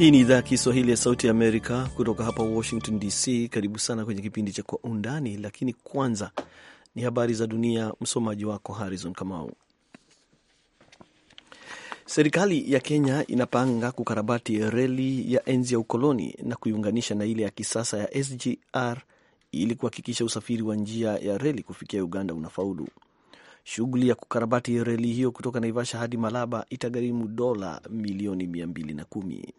Hii ni idhaa ya Kiswahili ya Sauti ya Amerika kutoka hapa Washington DC. Karibu sana kwenye kipindi cha Kwa Undani, lakini kwanza ni habari za dunia. Msomaji wako Harrison Kamau. Serikali ya Kenya inapanga kukarabati reli ya enzi ya ukoloni na kuiunganisha na ile ya kisasa ya SGR ili kuhakikisha usafiri wa njia ya reli kufikia Uganda unafaulu. Shughuli ya kukarabati reli hiyo kutoka Naivasha hadi Malaba itagharimu dola milioni mia mbili na kumi.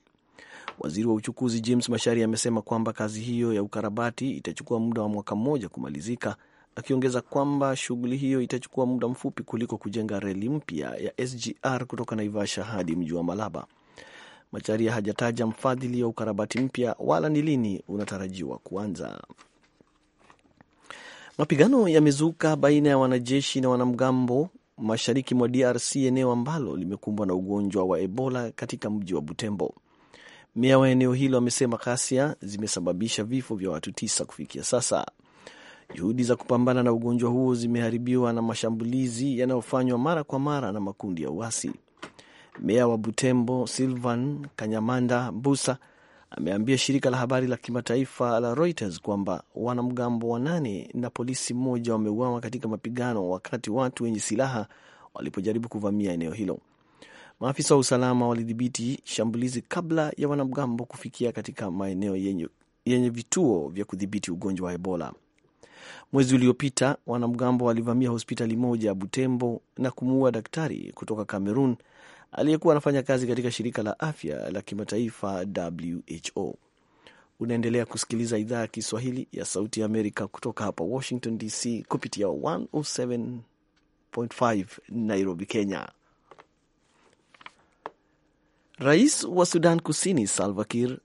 Waziri wa uchukuzi James Mashari amesema kwamba kazi hiyo ya ukarabati itachukua muda wa mwaka mmoja kumalizika, akiongeza kwamba shughuli hiyo itachukua muda mfupi kuliko kujenga reli mpya ya SGR kutoka Naivasha hadi mji wa Malaba. Macharia hajataja mfadhili wa ukarabati mpya wala ni lini unatarajiwa kuanza. Mapigano yamezuka baina ya wanajeshi na wanamgambo mashariki mwa DRC, eneo ambalo limekumbwa na ugonjwa wa Ebola katika mji wa Butembo. Meya wa eneo hilo amesema ghasia zimesababisha vifo vya watu tisa kufikia sasa. Juhudi za kupambana na ugonjwa huo zimeharibiwa na mashambulizi yanayofanywa mara kwa mara na makundi ya uasi. Meya wa Butembo Silvan Kanyamanda Mbusa ameambia shirika la habari la kimataifa la Reuters kwamba wanamgambo wanane na polisi mmoja wameuawa katika mapigano wakati watu wenye silaha walipojaribu kuvamia eneo hilo. Maafisa wa usalama walidhibiti shambulizi kabla ya wanamgambo kufikia katika maeneo yenye, yenye vituo vya kudhibiti ugonjwa wa Ebola. Mwezi uliopita wanamgambo walivamia hospitali moja ya Butembo na kumuua daktari kutoka Cameroon aliyekuwa anafanya kazi katika shirika la afya la kimataifa WHO. Unaendelea kusikiliza idhaa ya Kiswahili ya Sauti ya Amerika kutoka hapa Washington DC kupitia 107.5 Nairobi, Kenya. Rais wa Sudan Kusini Salva Kiir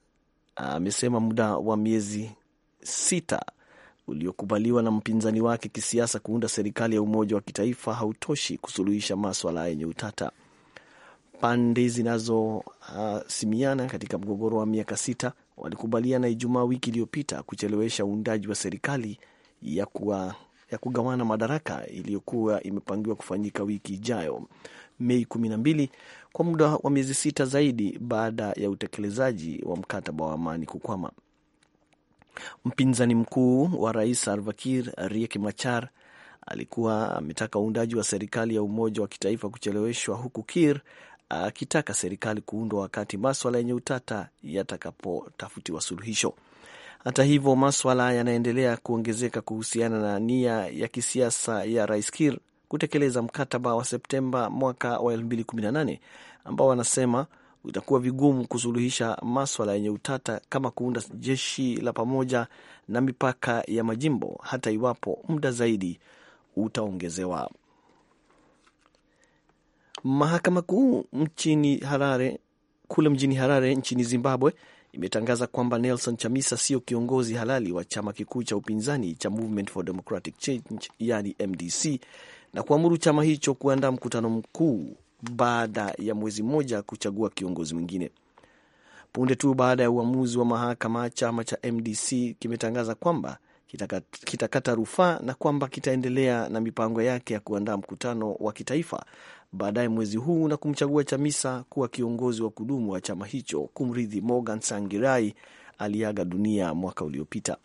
amesema muda wa miezi sita uliokubaliwa na mpinzani wake kisiasa kuunda serikali ya umoja wa kitaifa hautoshi kusuluhisha maswala yenye utata. Pande zinazohasimiana uh, katika mgogoro wa miaka sita walikubaliana Ijumaa wiki iliyopita kuchelewesha uundaji wa serikali ya, kuwa, ya kugawana madaraka iliyokuwa imepangiwa kufanyika wiki ijayo. Mei 12 kwa muda wa miezi sita zaidi baada ya utekelezaji wa mkataba wa amani kukwama. Mpinzani mkuu wa rais Salva Kiir, Riek Machar, alikuwa ametaka uundaji wa serikali ya umoja wa kitaifa kucheleweshwa, huku Kiir akitaka serikali kuundwa wakati maswala yenye utata yatakapotafutiwa suluhisho. Hata hivyo, maswala yanaendelea kuongezeka kuhusiana na nia ya kisiasa ya rais Kiir kutekeleza mkataba wa Septemba mwaka wa 2018 ambao wanasema itakuwa vigumu kusuluhisha maswala yenye utata kama kuunda jeshi la pamoja na mipaka ya majimbo hata iwapo muda zaidi utaongezewa. Mahakama Kuu mchini Harare kule mjini Harare nchini Zimbabwe imetangaza kwamba Nelson Chamisa sio kiongozi halali wa chama kikuu cha upinzani cha Movement for Democratic Change, yani MDC na kuamuru chama hicho kuandaa mkutano mkuu baada ya mwezi mmoja kuchagua kiongozi mwingine. Punde tu baada ya uamuzi wa mahakama, chama cha MDC kimetangaza kwamba kitakata kita rufaa na kwamba kitaendelea na mipango yake ya kuandaa mkutano wa kitaifa baadaye mwezi huu na kumchagua Chamisa kuwa kiongozi wa kudumu wa chama hicho kumrithi Morgan Sangirai aliaga dunia mwaka uliopita.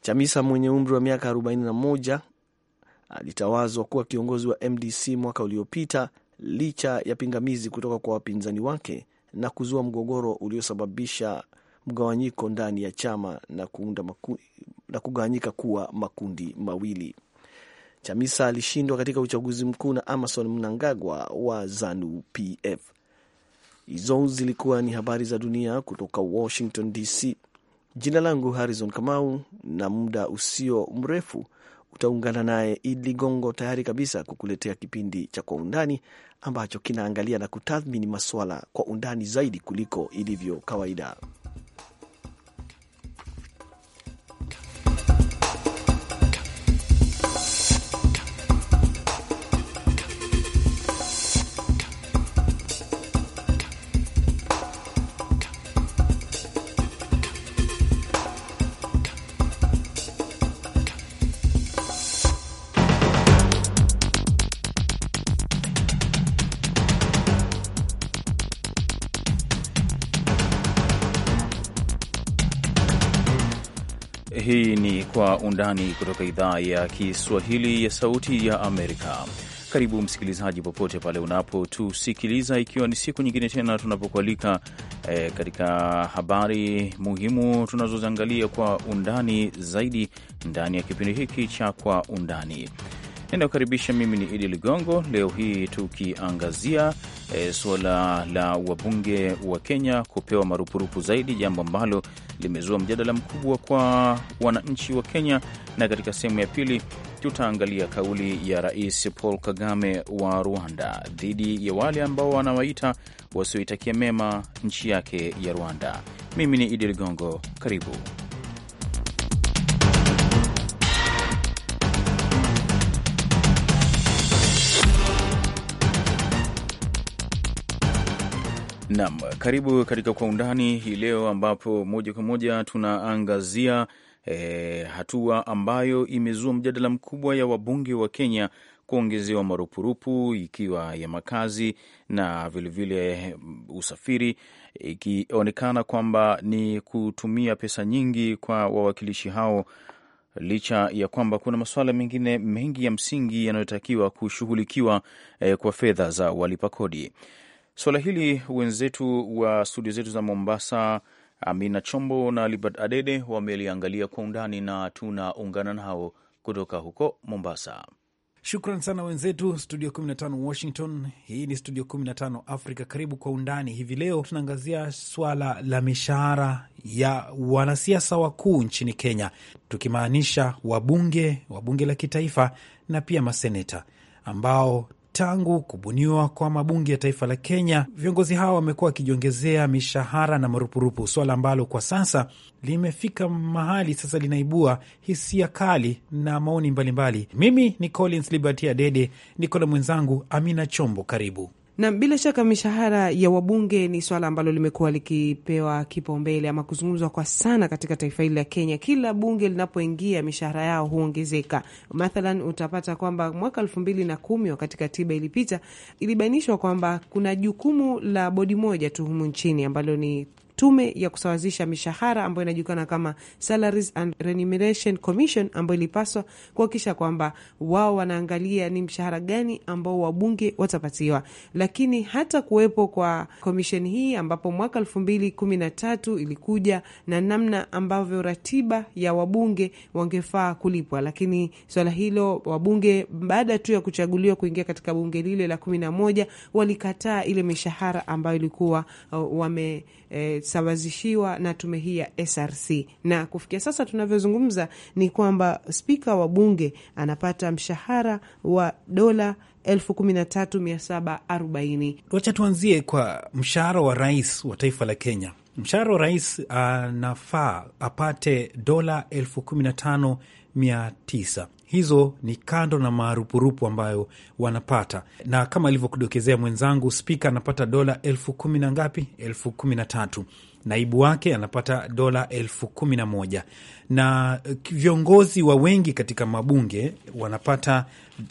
Chamisa mwenye umri wa miaka 41 alitawazwa kuwa kiongozi wa MDC mwaka uliopita licha ya pingamizi kutoka kwa wapinzani wake na kuzua mgogoro uliosababisha mgawanyiko ndani ya chama na, kuunda maku, na kugawanyika kuwa makundi mawili. Chamisa alishindwa katika uchaguzi mkuu na Amason Mnangagwa wa ZANU PF. Hizo zilikuwa ni habari za dunia kutoka Washington DC. Jina langu Harrison Kamau, na muda usio mrefu utaungana naye Id Ligongo tayari kabisa kukuletea kipindi cha Kwa Undani ambacho kinaangalia na kutathmini maswala kwa undani zaidi kuliko ilivyo kawaida. undani kutoka idhaa ya Kiswahili ya Sauti ya Amerika. Karibu msikilizaji, popote pale unapotusikiliza, ikiwa ni siku nyingine tena tunapokualika e, katika habari muhimu tunazoziangalia kwa undani zaidi ndani ya kipindi hiki cha Kwa Undani ninayokaribisha mimi ni Idi Ligongo. Leo hii tukiangazia e, suala la wabunge wa Kenya kupewa marupurupu zaidi, jambo ambalo limezua mjadala mkubwa kwa wananchi wa Kenya, na katika sehemu ya pili tutaangalia kauli ya Rais Paul Kagame wa Rwanda dhidi ya wale ambao wanawaita wasioitakia mema nchi yake ya Rwanda. Mimi ni Idi Ligongo, karibu. nam karibu katika Kwa Undani hii leo, ambapo moja kwa moja tunaangazia e, hatua ambayo imezua mjadala mkubwa ya wabunge wa Kenya kuongezewa marupurupu ikiwa ya makazi na vilevile vile mm, usafiri, ikionekana kwamba ni kutumia pesa nyingi kwa wawakilishi hao, licha ya kwamba kuna masuala mengine mengi ya msingi yanayotakiwa kushughulikiwa eh, kwa fedha za walipa kodi. Suala hili wenzetu wa studio zetu za Mombasa, Amina Chombo na Libert Adede wameliangalia kwa undani na tunaungana nao kutoka huko Mombasa. Shukran sana wenzetu studio 15 Washington. Hii ni studio 15 Afrika. Karibu kwa undani hivi leo, tunaangazia swala la mishahara ya wanasiasa wakuu nchini Kenya, tukimaanisha wabunge wa bunge la kitaifa na pia maseneta ambao tangu kubuniwa kwa mabunge ya taifa la Kenya, viongozi hawa wamekuwa wakijiongezea mishahara na marupurupu, suala ambalo kwa sasa limefika mahali sasa linaibua hisia kali na maoni mbalimbali. Mimi ni Collins Liberty Adede, niko na mwenzangu Amina Chombo. Karibu. Na bila shaka mishahara ya wabunge ni swala ambalo limekuwa likipewa kipaumbele ama kuzungumzwa kwa sana katika taifa hili la Kenya. Kila bunge linapoingia, mishahara yao huongezeka. Mathalan, utapata kwamba mwaka elfu mbili na kumi wakati katiba ilipita, ilibainishwa kwamba kuna jukumu la bodi moja tu humu nchini ambalo ni tume ya kusawazisha mishahara ambayo inajulikana kama Salaries and Remuneration Commission, ambayo ilipaswa kuhakikisha kwamba wao wanaangalia ni mshahara gani ambao wabunge watapatiwa. Lakini hata kuwepo kwa komisheni hii, ambapo mwaka elfu mbili kumi na tatu ilikuja na namna ambavyo ratiba ya wabunge wangefaa kulipwa, lakini swala hilo wabunge baada tu ya kuchaguliwa kuingia katika bunge lile la kumi na moja walikataa ile mishahara ambayo ilikuwa uh, wame eh, imesawazishiwa na tume hii ya SRC, na kufikia sasa tunavyozungumza ni kwamba spika wa bunge anapata mshahara wa dola elfu kumi na tatu mia saba arobaini. Wacha tuanzie kwa mshahara wa rais wa taifa la Kenya. Mshahara wa rais anafaa ah, apate dola elfu kumi na tano mia tisa. Hizo ni kando na marupurupu ambayo wanapata, na kama alivyokudokezea mwenzangu, spika anapata dola elfu kumi na ngapi? Elfu kumi na tatu. Naibu wake anapata dola elfu kumi na moja na viongozi wa wengi katika mabunge wanapata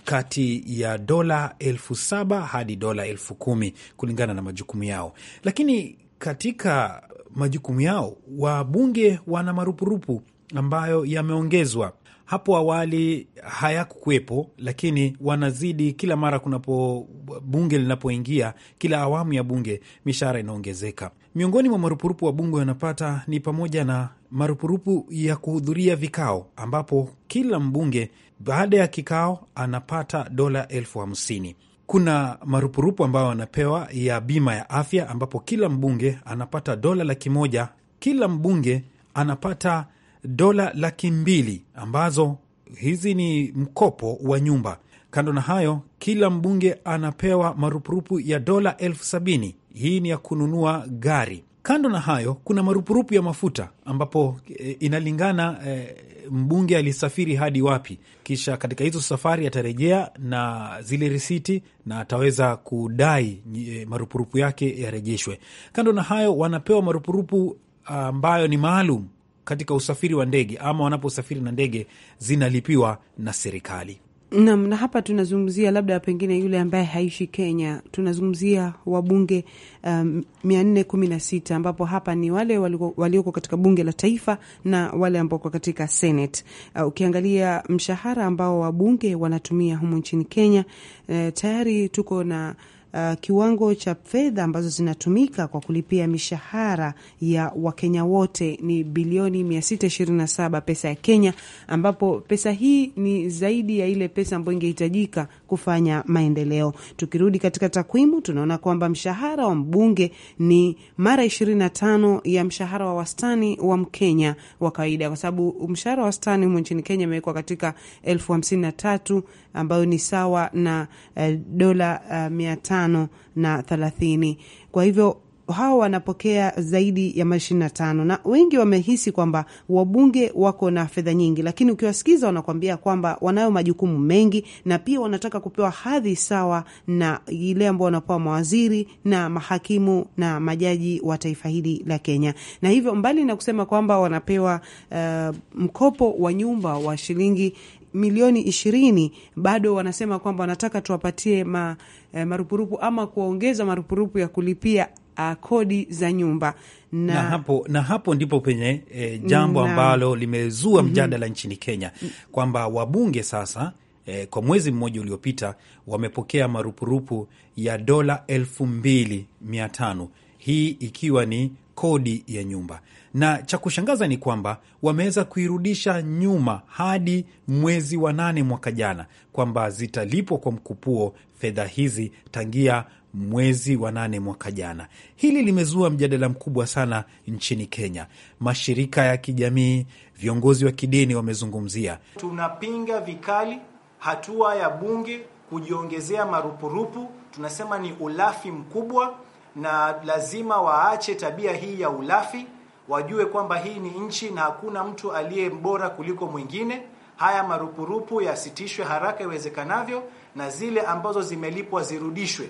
kati ya dola elfu saba hadi dola elfu kumi kulingana na majukumu yao, lakini katika majukumu yao wabunge wana marupurupu ambayo yameongezwa hapo awali hayakuwepo, lakini wanazidi kila mara kunapo bunge linapoingia, kila awamu ya bunge mishahara inaongezeka. Miongoni mwa marupurupu wa bunge wanapata ni pamoja na marupurupu ya kuhudhuria vikao, ambapo kila mbunge baada ya kikao anapata dola elfu hamsini. Kuna marupurupu ambayo wanapewa ya bima ya afya, ambapo kila mbunge anapata dola laki moja. Kila mbunge anapata dola laki mbili ambazo hizi ni mkopo wa nyumba. Kando na hayo, kila mbunge anapewa marupurupu ya dola elfu sabini. Hii ni ya kununua gari. Kando na hayo, kuna marupurupu ya mafuta ambapo e, inalingana e, mbunge alisafiri hadi wapi. Kisha katika hizo safari atarejea na zile risiti na ataweza kudai e, marupurupu yake yarejeshwe. Kando na hayo, wanapewa marupurupu ah, ambayo ni maalum katika usafiri wa ndege ama wanaposafiri na ndege zinalipiwa na serikali. Nam, na hapa tunazungumzia labda pengine yule ambaye haishi Kenya, tunazungumzia wabunge um, mia nne kumi na sita ambapo hapa ni wale walioko katika bunge la taifa na wale ambao katika Senate. Uh, ukiangalia mshahara ambao wabunge wanatumia humu nchini Kenya, uh, tayari tuko na uh, kiwango cha fedha ambazo zinatumika kwa kulipia mishahara ya Wakenya wote ni bilioni 627 pesa ya Kenya, ambapo pesa hii ni zaidi ya ile pesa ambayo ingehitajika kufanya maendeleo. Tukirudi katika takwimu, tunaona kwamba mshahara wa mbunge ni mara 25 ya mshahara wa wastani wa Mkenya wa kawaida, kwa sababu mshahara wa wastani humo nchini Kenya imewekwa katika elfu hamsini na tatu ambayo ni sawa na uh, dola uh, mia tano tano na thelathini. Kwa hivyo hawa wanapokea zaidi ya mara ishirini na tano na wengi wamehisi kwamba wabunge wako na fedha nyingi, lakini ukiwasikiza wanakuambia kwamba wanayo majukumu mengi na pia wanataka kupewa hadhi sawa na ile ambao wanapewa mawaziri na mahakimu na majaji wa taifa hili la Kenya. Na hivyo mbali na kusema kwamba wanapewa uh, mkopo wa nyumba wa shilingi milioni ishirini bado wanasema kwamba wanataka tuwapatie ma, eh, marupurupu ama kuwaongeza marupurupu ya kulipia uh, kodi za nyumba na, na, hapo, na hapo ndipo penye eh, jambo na, ambalo limezua mhm. mjadala mm -hmm. nchini Kenya mm. kwamba wabunge sasa eh, kwa mwezi mmoja uliopita wamepokea marupurupu ya dola elfu mbili mia tano hii ikiwa ni kodi ya nyumba na cha kushangaza ni kwamba wameweza kuirudisha nyuma hadi mwezi wa nane mwaka jana, kwamba zitalipwa kwa mkupuo fedha hizi tangia mwezi wa nane mwaka jana. Hili limezua mjadala mkubwa sana nchini Kenya. Mashirika ya kijamii, viongozi wa kidini wamezungumzia. Tunapinga vikali hatua ya bunge kujiongezea marupurupu. Tunasema ni ulafi mkubwa, na lazima waache tabia hii ya ulafi wajue kwamba hii ni nchi na hakuna mtu aliye mbora kuliko mwingine. Haya marupurupu yasitishwe haraka iwezekanavyo, na zile ambazo zimelipwa zirudishwe.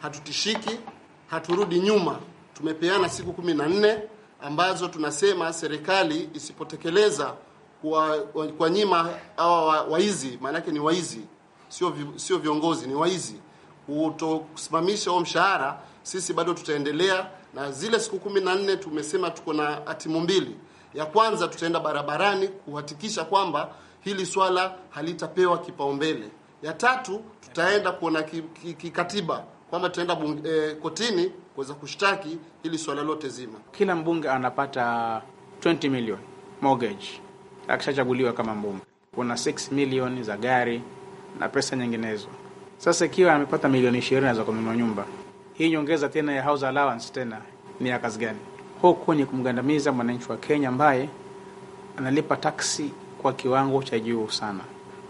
Hatutishiki, haturudi nyuma. Tumepeana siku kumi na nne ambazo tunasema serikali isipotekeleza kwa, kwa nyima hawa waizi, maanake ni waizi, sio sio viongozi, ni waizi, kutosimamisha huo mshahara, sisi bado tutaendelea na zile siku kumi na nne tumesema tuko na atimu mbili. Ya kwanza tutaenda barabarani kuhakikisha kwamba hili swala halitapewa kipaumbele. Ya tatu tutaenda kuona kikatiba kwamba tutaenda eh, kotini kuweza kushtaki hili swala lote zima. Kila mbunge anapata 20 million mortgage akishachaguliwa kama mbunge, kuna 6 million za gari na pesa nyinginezo. Sasa ikiwa amepata milioni 20 anaweza kununua nyumba hii nyongeza tena ya house allowance tena ni ya kazi gani? Huku ni kumgandamiza mwananchi wa Kenya ambaye analipa taksi kwa kiwango cha juu sana.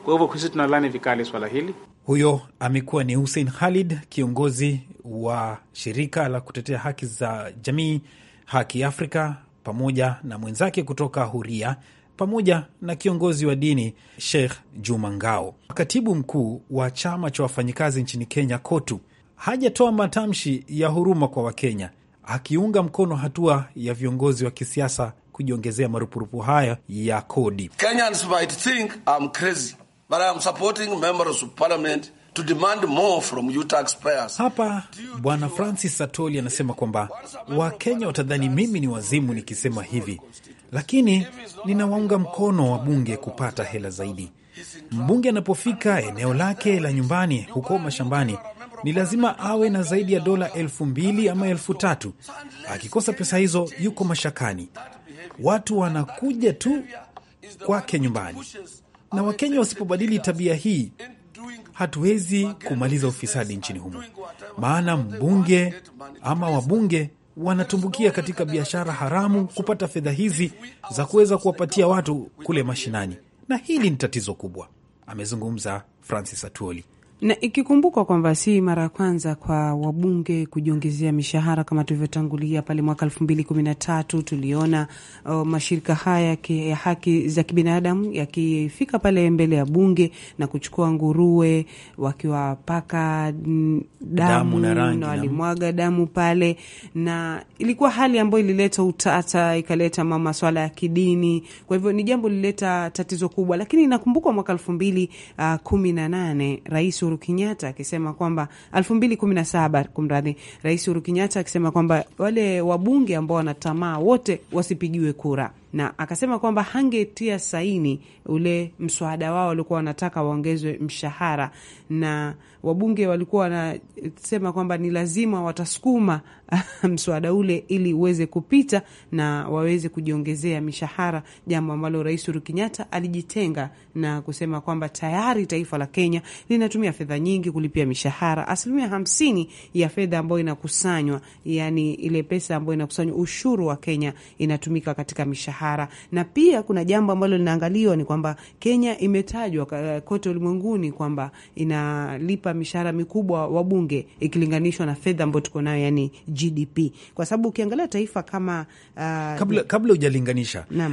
Kwa hivyo sisi tunalani vikali swala hili. Huyo amekuwa ni Hussein Khalid, kiongozi wa shirika la kutetea haki za jamii Haki Afrika, pamoja na mwenzake kutoka Huria, pamoja na kiongozi wa dini Sheikh Juma Ngao. Katibu mkuu wa chama cha wafanyikazi nchini Kenya, KOTU, hajatoa matamshi ya huruma kwa Wakenya, akiunga mkono hatua ya viongozi wa kisiasa kujiongezea marupurupu haya ya kodi. To demand more from you taxpayers. Hapa Bwana Francis Atoli anasema kwamba Wakenya watadhani mimi ni wazimu nikisema hivi, lakini ninawaunga mkono wa bunge kupata hela zaidi. Mbunge anapofika eneo lake la nyumbani huko mashambani, ni lazima awe na zaidi ya dola elfu mbili ama elfu tatu. Akikosa pesa hizo, yuko mashakani. Watu wanakuja tu kwake nyumbani, na Wakenya wasipobadili tabia hii, hatuwezi kumaliza ufisadi nchini humo, maana mbunge ama wabunge wanatumbukia katika biashara haramu kupata fedha hizi za kuweza kuwapatia watu kule mashinani, na hili ni tatizo kubwa, amezungumza Francis Atuoli na ikikumbukwa kwamba si mara ya kwanza kwa wabunge kujiongezea mishahara kama tulivyotangulia pale mwaka elfu mbili kumi na tatu tuliona uh, mashirika haya ki, ya haki za kibinadamu yakifika pale mbele ya bunge na kuchukua nguruwe wakiwapaka damu, damu na na walimwaga damu pale, na ilikuwa hali ambayo ilileta utata, ikaleta maswala ya kidini. Kwa hivyo ni jambo lilileta tatizo kubwa, lakini inakumbukwa mwaka elfu mbili uh, kumi na nane rais Uhuru Kenyatta akisema kwamba saba kumradhi, Rais Uhuru Kenyatta akisema kwamba wale wabunge ambao wanatamaa wote wasipigiwe kura na akasema kwamba hangetia saini ule mswada wao walikuwa wanataka waongezwe mshahara, na wabunge walikuwa wanasema kwamba ni lazima watasukuma mswada ule ili uweze kupita na waweze kujiongezea mishahara, jambo ambalo Rais Uhuru Kenyatta alijitenga na kusema kwamba tayari taifa la Kenya linatumia fedha nyingi kulipia mishahara. Asilimia hamsini ya fedha ambayo inakusanywa, yani ile pesa ambayo inakusanywa ushuru wa Kenya inatumika katika mishahara. Sahara. Na pia kuna jambo ambalo linaangaliwa ni kwamba Kenya imetajwa uh, kote ulimwenguni kwamba inalipa mishahara mikubwa wabunge ikilinganishwa na fedha ambayo tuko nayo, yani GDP, kwa sababu ukiangalia taifa kama uh, kabla kabla hujalinganisha uh,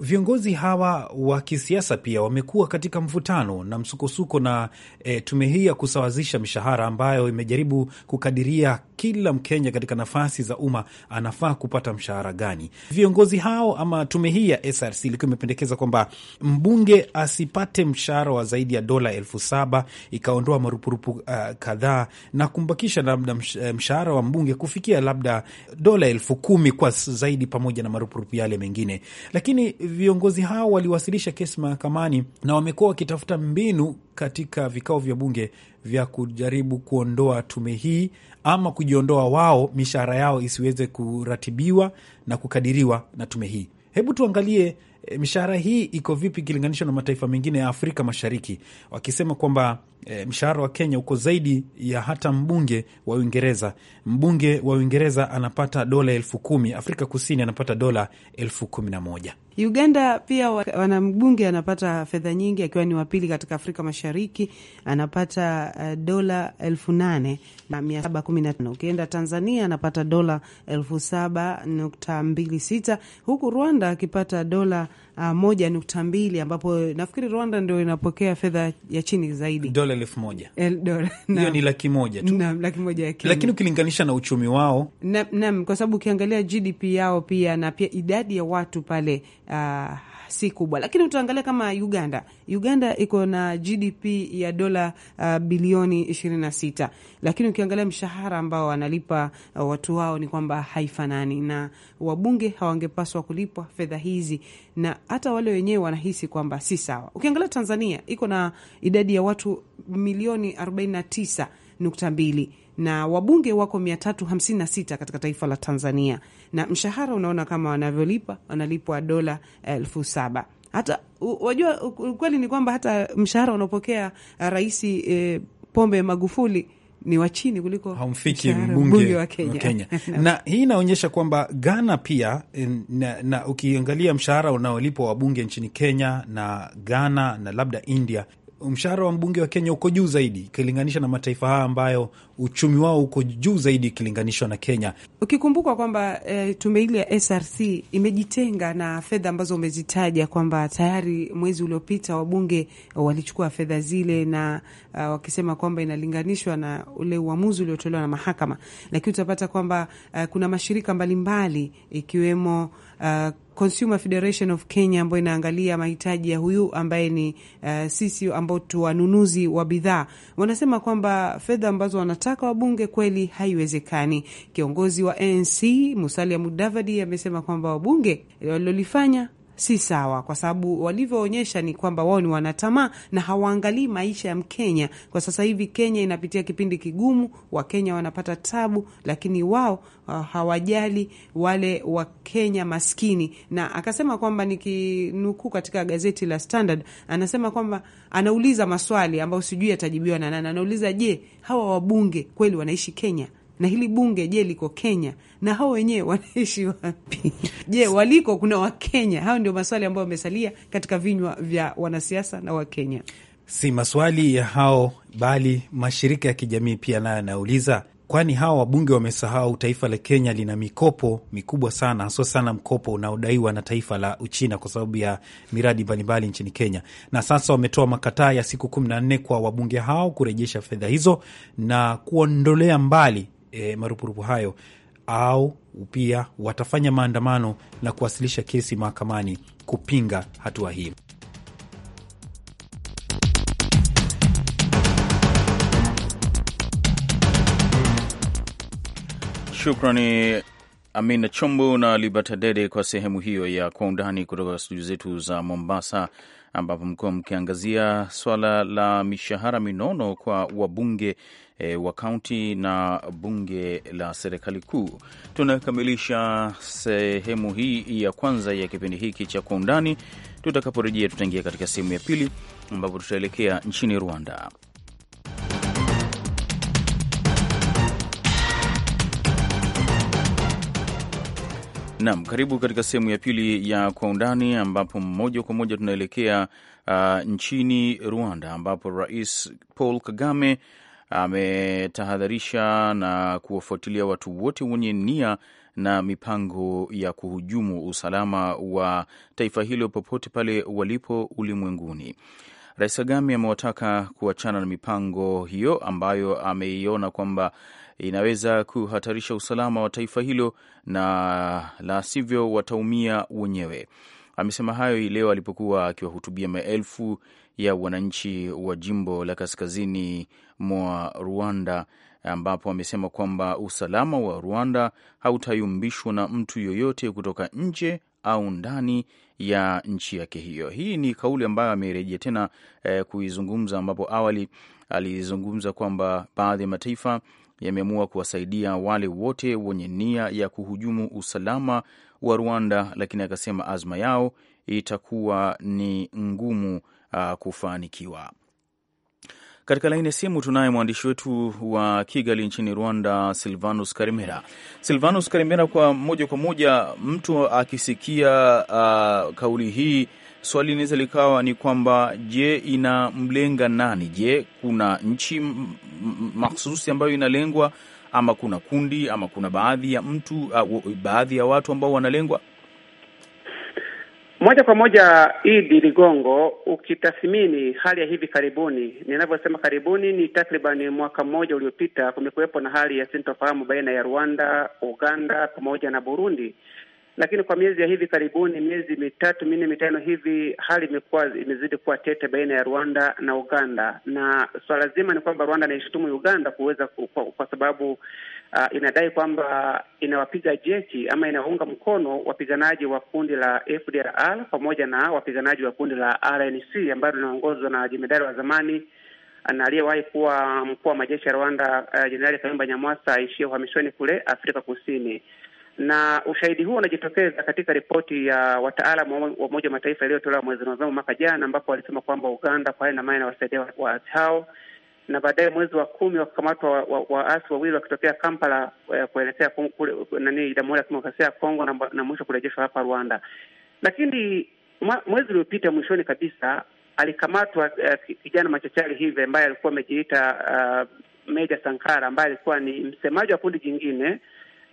Viongozi hawa wa kisiasa pia wamekuwa katika mvutano na msukosuko na e, tume hii ya kusawazisha mishahara ambayo imejaribu kukadiria kila Mkenya katika nafasi za umma anafaa kupata mshahara gani. Viongozi hao ama tume hii ya SRC ilikuwa imependekeza kwamba mbunge asipate mshahara wa zaidi ya dola elfu saba ikaondoa marupurupu uh, kadhaa na kumbakisha labda eh, mshahara wa mbunge kufikia labda dola elfu kumi kwa zaidi, pamoja na marupurupu yale mengine, lakini viongozi hao waliwasilisha kesi mahakamani na wamekuwa wakitafuta mbinu katika vikao vya bunge vya kujaribu kuondoa tume hii ama kujiondoa wao, mishahara yao isiweze kuratibiwa na kukadiriwa na tume hii. Hebu tuangalie e, mishahara hii iko vipi ikilinganishwa na mataifa mengine ya Afrika Mashariki, wakisema kwamba e, mshahara wa Kenya uko zaidi ya hata mbunge wa Uingereza. Mbunge wa Uingereza anapata dola elfu kumi, Afrika Kusini anapata dola elfu kumi na moja. Uganda pia wanambunge anapata fedha nyingi, akiwa ni wapili katika Afrika Mashariki, anapata uh, dola elfu nane na mia saba kumi na tano. Ukienda Tanzania anapata dola elfu saba nukta mbili sita huku Rwanda akipata dola uh, moja nukta mbili ambapo nafikiri Rwanda ndio inapokea fedha ya chini zaidi, dola elfu moja hiyo ni laki moja tu, naam, laki moja ya Kenya, lakini ukilinganisha na uchumi wao, naam, kwa sababu ukiangalia GDP yao pia na pia idadi ya watu pale uh, si kubwa, lakini utaangalia kama Uganda. Uganda iko na GDP ya dola uh, bilioni 26, lakini ukiangalia mshahara ambao wanalipa uh, watu wao ni kwamba haifanani, na wabunge hawangepaswa kulipwa fedha hizi, na hata wale wenyewe wanahisi kwamba si sawa. Ukiangalia Tanzania iko na idadi ya watu milioni 49.2 nukta mbili na wabunge wako 356 katika taifa la Tanzania, na mshahara unaona kama wanavyolipa wanalipwa dola elfu saba hata wajua, ukweli ni kwamba hata mshahara unaopokea uh, rais e, Pombe Magufuli ni wa chini kuliko haumfiki mbunge wa Kenya, wa Kenya. na hii inaonyesha kwamba Ghana pia eh, na, na ukiangalia mshahara unaolipwa wabunge nchini Kenya na Ghana na labda India, mshahara wa mbunge wa Kenya uko juu zaidi ukilinganisha na mataifa haya ambayo uchumi wao uko juu zaidi ikilinganishwa na Kenya, ukikumbuka kwamba e, tume ile ya SRC imejitenga na fedha ambazo umezitaja kwamba tayari mwezi uliopita wabunge walichukua fedha zile na a, eh, wakisema kwamba inalinganishwa na ule uamuzi uliotolewa na mahakama, lakini utapata kwamba a, eh, kuna mashirika mbalimbali ikiwemo uh, Consumer Federation of Kenya ambayo inaangalia mahitaji ya huyu ambaye ni uh, sisi ambao tu wanunuzi wa bidhaa, wanasema kwamba fedha ambazo wanataka kuwataka wabunge kweli haiwezekani. Kiongozi wa ANC Musalia Mudavadi amesema kwamba wabunge walilolifanya si sawa, kwa sababu walivyoonyesha ni kwamba wao ni wanatamaa na hawaangalii maisha ya Mkenya. Kwa sasa hivi Kenya inapitia kipindi kigumu, Wakenya wanapata tabu, lakini wao uh, hawajali wale Wakenya maskini. Na akasema kwamba, nikinukuu katika gazeti la Standard, anasema kwamba anauliza maswali ambayo sijui atajibiwa na nani. Anauliza, je, hawa wabunge kweli wanaishi Kenya? na hili bunge, je, liko Kenya? Na hao wenyewe wanaishi wapi? Je, waliko kuna Wakenya? Hayo ndio maswali ambayo wamesalia katika vinywa vya wanasiasa na Wakenya. Si maswali ya hao bali mashirika ya kijamii pia nayo yanauliza kwani hawa wabunge wamesahau taifa la Kenya lina mikopo mikubwa sana, haswa sana mkopo unaodaiwa na taifa la Uchina kwa sababu ya miradi mbalimbali nchini Kenya. Na sasa wametoa makataa ya siku kumi na nne kwa wabunge hao kurejesha fedha hizo na kuondolea mbali e, marupurupu hayo au pia watafanya maandamano na kuwasilisha kesi mahakamani kupinga hatua hii. Shukrani Amina Chombo na Libertadede kwa sehemu hiyo ya Kwa Undani kutoka studio zetu za Mombasa ambapo mlikuwa mkiangazia swala la mishahara minono kwa wabunge e, wa kaunti na bunge la serikali kuu. Tunakamilisha sehemu hii ya kwanza ya kipindi hiki cha Kwa Undani. Tutakaporejea tutaingia katika sehemu ya pili ambapo tutaelekea nchini Rwanda. Naam, karibu katika sehemu ya pili ya Kwa Undani, ambapo moja kwa moja tunaelekea uh, nchini Rwanda, ambapo Rais Paul Kagame ametahadharisha na kuwafuatilia watu wote wenye nia na mipango ya kuhujumu usalama wa taifa hilo popote pale walipo ulimwenguni. Rais Kagame amewataka kuachana na mipango hiyo ambayo ameiona kwamba inaweza kuhatarisha usalama wa taifa hilo, na la sivyo wataumia wenyewe. Amesema hayo hii leo alipokuwa akiwahutubia maelfu ya wananchi wa jimbo la kaskazini mwa Rwanda, ambapo amesema kwamba usalama wa Rwanda hautayumbishwa na mtu yoyote kutoka nje au ndani ya nchi yake hiyo. Hii ni kauli ambayo amerejea tena eh, kuizungumza, ambapo awali alizungumza kwamba baadhi ya mataifa yameamua kuwasaidia wale wote wenye nia ya kuhujumu usalama wa Rwanda, lakini akasema azma yao itakuwa ni ngumu uh, kufanikiwa. Katika laini ya simu tunaye mwandishi wetu wa Kigali nchini Rwanda, Silvanus Karimera. Silvanus Karimera, kwa moja kwa moja, mtu akisikia uh, kauli hii swali linaweza likawa ni kwamba je, inamlenga nani? Je, kuna nchi mahsusi ambayo inalengwa ama kuna kundi ama kuna baadhi ya mtu baadhi ya watu ambao wanalengwa moja kwa moja? Idi Ligongo, ukitathmini hali ya hivi karibuni, ninavyosema karibuni ni takribani mwaka mmoja uliopita, kumekuwepo na hali ya sintofahamu baina ya Rwanda, Uganda pamoja na Burundi lakini kwa miezi ya hivi karibuni, miezi mitatu minne mitano hivi, hali imekuwa imezidi kuwa tete baina ya Rwanda na Uganda, na swala so zima ni kwamba Rwanda inaishutumu Uganda kuweza kwa, kwa, sababu uh, inadai kwamba inawapiga jeki ama inawaunga mkono wapiganaji wa kundi la FDLR pamoja na wapiganaji wa kundi la RNC ambalo linaongozwa na jemedari wa zamani na aliyewahi kuwa mkuu wa majeshi ya Rwanda uh, Jenerali uh, Kayumba Nyamwasa aishie uhamishoni kule Afrika Kusini na ushahidi huo unajitokeza katika ripoti ya wataalamu wa Umoja wa Mataifa iliyotolewa mwezi Novemba mwaka jana, ambapo walisema kwamba Uganda kwa hali na mali inawasaidia waasi hao, na baadaye mwezi wa kumi wakakamatwa waasi wawili wakitokea Kampala eh, kuelekea nani, Jamhuri ya Kidemokrasia ya Kongo, na, na mwisho kurejeshwa hapa Rwanda. Lakini mwezi uliopita mwishoni kabisa alikamatwa uh, kijana machachari hivi ambaye alikuwa amejiita uh, Meja Sankara ambaye alikuwa ni msemaji wa kundi jingine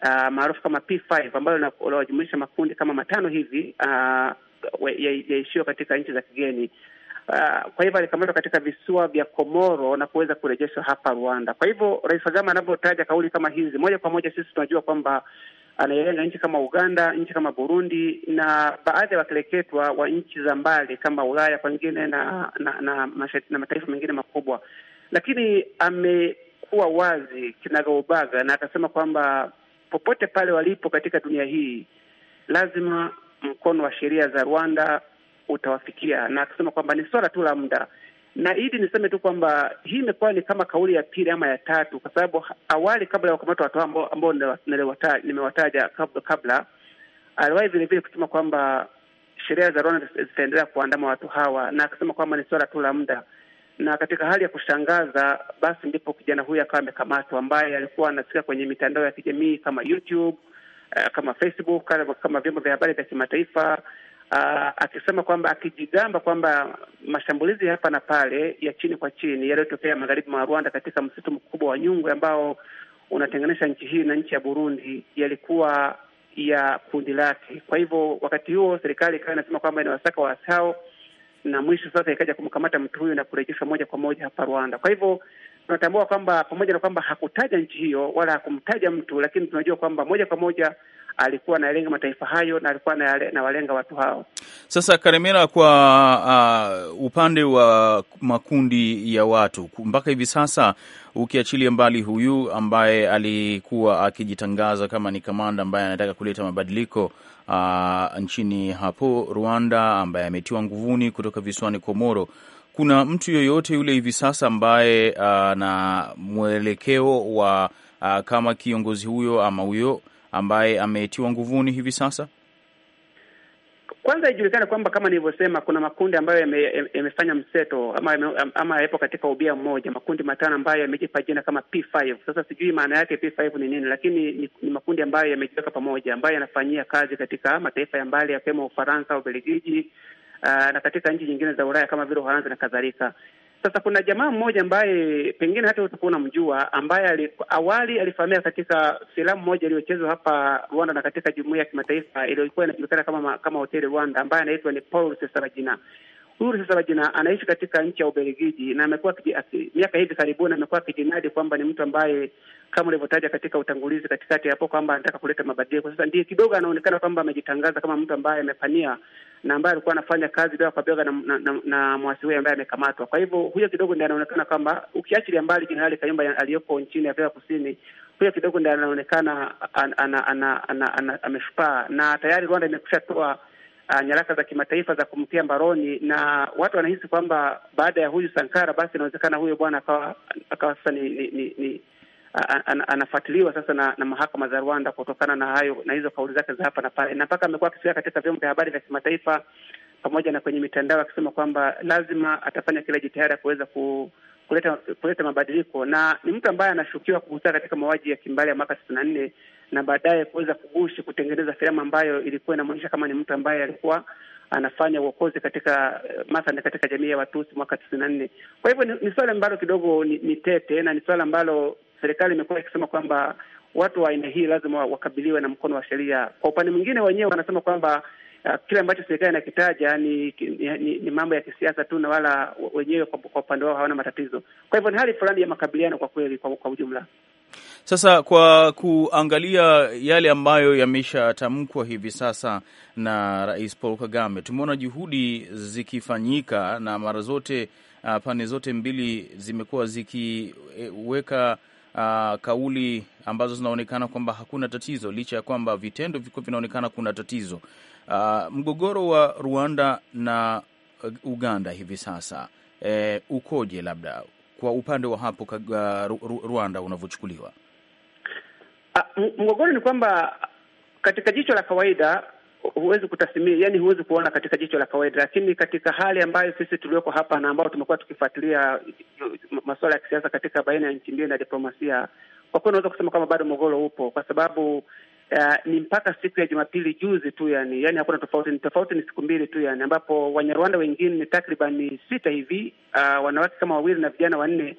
uh, maarufu kama P5 ambayo inawajumuisha makundi kama matano hivi uh, yaishiwa katika nchi za kigeni. Uh, kwa hivyo alikamatwa katika visiwa vya Komoro na kuweza kurejeshwa hapa Rwanda. Kwa hivyo Rais Kagame anavyotaja kauli kama hizi, moja kwa moja sisi tunajua kwamba anaelenga nchi kama Uganda, nchi kama Burundi na baadhi ya wakileketwa wa nchi za mbali kama Ulaya pengine na na, na, na mataifa mengine makubwa, lakini amekuwa wazi kinagaubaga na akasema kwamba popote pale walipo katika dunia hii, lazima mkono wa sheria za Rwanda utawafikia, na akasema kwamba ni swala tu la muda. Na ili niseme tu kwamba hii imekuwa ni kama kauli ya pili ama ya tatu, kwa sababu awali kabla ya kukamata watu ambao ambao nimewataja kabla, kabla aliwahi vile vile kusema kwamba sheria za Rwanda zitaendelea kuandama watu hawa, na akasema kwamba ni swala tu la muda na katika hali ya kushangaza basi ndipo kijana huyo akawa amekamatwa, ambaye alikuwa anasika kwenye mitandao ya kijamii kama YouTube, uh, kama Facebook, kama, kama vyombo vya habari vya kimataifa uh, akisema kwamba akijigamba kwamba mashambulizi hapa na pale ya chini kwa chini yaliyotokea magharibi mwa Rwanda katika msitu mkubwa wa Nyungwe ambao unatenganisha nchi hii na nchi ya Burundi yalikuwa ya kundi lake. Kwa hivyo wakati huo serikali ikawa inasema kwamba inawasaka waasi hao na mwisho sasa ikaja kumkamata mtu huyu na kurejesha moja kwa moja hapa Rwanda. Kwa hivyo tunatambua kwamba pamoja na kwamba hakutaja nchi hiyo wala hakumtaja mtu, lakini tunajua kwamba moja kwa moja alikuwa analenga mataifa hayo na alikuwa anawalenga watu hao. Sasa Karemera, kwa uh, upande wa makundi ya watu mpaka hivi sasa, ukiachilia mbali huyu ambaye alikuwa akijitangaza kama ni kamanda ambaye anataka kuleta mabadiliko uh, nchini hapo Rwanda ambaye ametiwa nguvuni kutoka visiwani Komoro. Kuna mtu yoyote yule hivi sasa ambaye uh, na mwelekeo wa uh, kama kiongozi huyo ama huyo ambaye ametiwa nguvuni hivi sasa? Kwanza ijulikane kwamba kama nilivyosema, kuna makundi ambayo yamefanya yame mseto ama, yame, ama yapo katika ubia mmoja, makundi matano ambayo yamejipa jina kama P5. Sasa sijui maana yake P5 ni nini, lakini ni, ni makundi ambayo yamejiweka pamoja, ambayo yanafanyia kazi katika mataifa ya mbali yakiwemo Ufaransa, Ubelgiji, uh, na katika nchi nyingine za Ulaya kama vile Uholanzi na kadhalika. Sasa kuna jamaa mmoja ambaye pengine hata utakuwa unamjua, ambaye awali alifahamika katika filamu moja iliyochezwa hapa Rwanda na katika jumuiya ya kimataifa iliyokuwa inajulikana kama kama Hoteli Rwanda, ambaye anaitwa ni Paul Rusesabagina. Huyu Rusesabagina anaishi katika nchi ya Ubelgiji na amekuwa miaka hivi karibuni amekuwa akijinadi kwamba ni mtu ambaye kama ulivyotaja katika utangulizi katikati hapo kwamba anataka kuleta mabadiliko. Sasa ndiye kidogo anaonekana kwamba amejitangaza kama mtu ambaye amepania na ambaye alikuwa anafanya kazi bega kwa bega na, na, na, na mwasi huyo ambaye amekamatwa. Kwa hivyo huyo kidogo ndiye anaonekana kwamba, ukiachilia mbali Jenerali Kayumba aliyoko nchini Afrika Kusini, huyo kidogo ndiye anaonekana ameshupaa, na tayari Rwanda imekushatoa Uh, nyaraka za kimataifa za kumtia mbaroni na watu wanahisi kwamba baada ya huyu Sankara basi inawezekana huyo bwana akawa akawa sasa ni, ni, ni, ni an, anafuatiliwa sasa na, na mahakama za Rwanda kutokana na hayo na hizo kauli zake za hapa na pale, na mpaka amekuwa akisikia katika vyombo vya habari vya kimataifa pamoja na kwenye mitandao akisema kwamba lazima atafanya kila jitihada ya kuweza ku, kuleta kuleta mabadiliko, na ni mtu ambaye anashukiwa kuhusika katika mauaji ya kimbali ya mwaka sitini na nne na baadaye kuweza kugushi kutengeneza filamu ambayo ilikuwa inamwonyesha kama ni mtu ambaye alikuwa anafanya uokozi katika eh, mathalan katika jamii ya Watusi mwaka tisini na nne. Kwa hivyo ni, ni swala ambalo kidogo ni, ni tete na ni swala ambalo serikali imekuwa ikisema kwamba watu wa aina hii lazima wakabiliwe na mkono wa sheria. Kwa upande mwingine, wenyewe wanasema kwamba uh, kile ambacho serikali inakitaja ni, ni, ni, ni mambo ya kisiasa tu na wala wenyewe kwa upande wao hawana matatizo. Kwa hivyo ni hali fulani ya makabiliano kwa kweli, kwa, kwa ujumla. Sasa kwa kuangalia yale ambayo yameshatamkwa hivi sasa na Rais Paul Kagame, tumeona juhudi zikifanyika na mara zote uh, pande zote mbili zimekuwa zikiweka e, uh, kauli ambazo zinaonekana kwamba hakuna tatizo, licha ya kwamba vitendo vilikuwa vinaonekana kuna tatizo. Uh, mgogoro wa Rwanda na Uganda hivi sasa eh, ukoje? Labda kwa upande wa hapo uh, Rwanda unavyochukuliwa mgogoro ni kwamba katika jicho la kawaida huwezi kutathmini, yani huwezi kuona katika jicho la kawaida, lakini katika hali ambayo sisi tulioko hapa na ambao tumekuwa tukifuatilia masuala ya kisiasa katika baina ya nchi mbili na diplomasia, kwa kweli unaweza kusema kwamba bado mgogoro upo, kwa sababu uh, ni mpaka siku ya Jumapili juzi tu yani, yani hakuna tofauti, ni tofauti ni siku mbili tu yani, ambapo Wanyarwanda wengine ni takriban sita hivi, uh, wanawake kama wawili na vijana wanne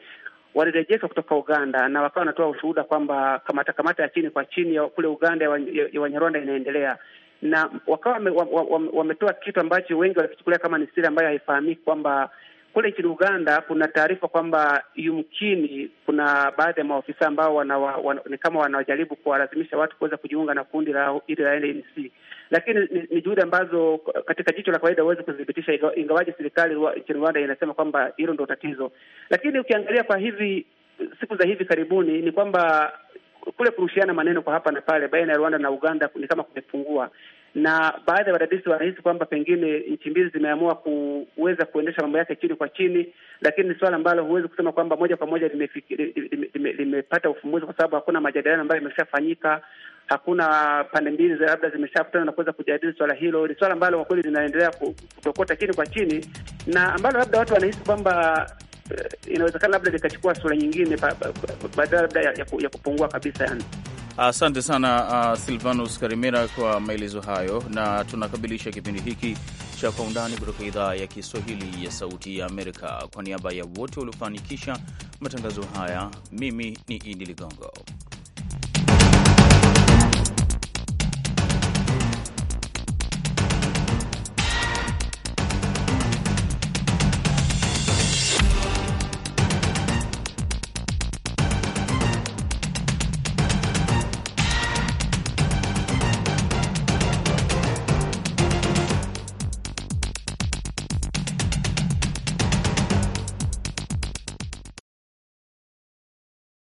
walirejeshwa kutoka Uganda na wakawa wanatoa ushuhuda kwamba kamata kamata ya chini kwa chini ya kule Uganda ya Wanyarwanda inaendelea na wakawa wametoa wame, wame, kitu ambacho wengi walikichukulia kama ni siri ambayo haifahamiki kwamba kule nchini Uganda kuna taarifa kwamba yumkini kuna baadhi ya maofisa ambao wana, wana, ni kama wanajaribu kuwalazimisha watu kuweza kujiunga na kundi la hili la ANC, lakini ni, ni juhudi ambazo katika jicho la kawaida huwezi kuthibitisha, ingawaje serikali nchini uganda inasema kwamba hilo ndio tatizo. Lakini ukiangalia kwa hivi siku za hivi karibuni ni kwamba kule kurushiana maneno kwa hapa na pale baina ya Rwanda na Uganda ni kama kumepungua, na baadhi ya wadadisi wanahisi kwamba pengine nchi mbili zimeamua kuweza kuendesha mambo yake chini kwa chini, lakini ni suala ambalo huwezi kusema kwamba moja kwa moja limepata ufumbuzi, kwa sababu hakuna majadiliano ambayo yameshafanyika, hakuna pande mbili labda zimeshakutana na kuweza kujadili swala hilo. Ni swala ambalo kwa kweli linaendelea kutokota chini kwa chini, na ambalo labda watu wanahisi kwamba Eh, inawezekana labda likachukua sura nyingine badala labda ya, ya, ya kupungua kabisa yani. Asante sana uh, Silvanus Karimera kwa maelezo hayo, na tunakamilisha kipindi hiki cha Kwa Undani kutoka idhaa ya Kiswahili ya Sauti ya Amerika. Kwa niaba ya wote waliofanikisha matangazo haya, mimi ni Idi Ligongo.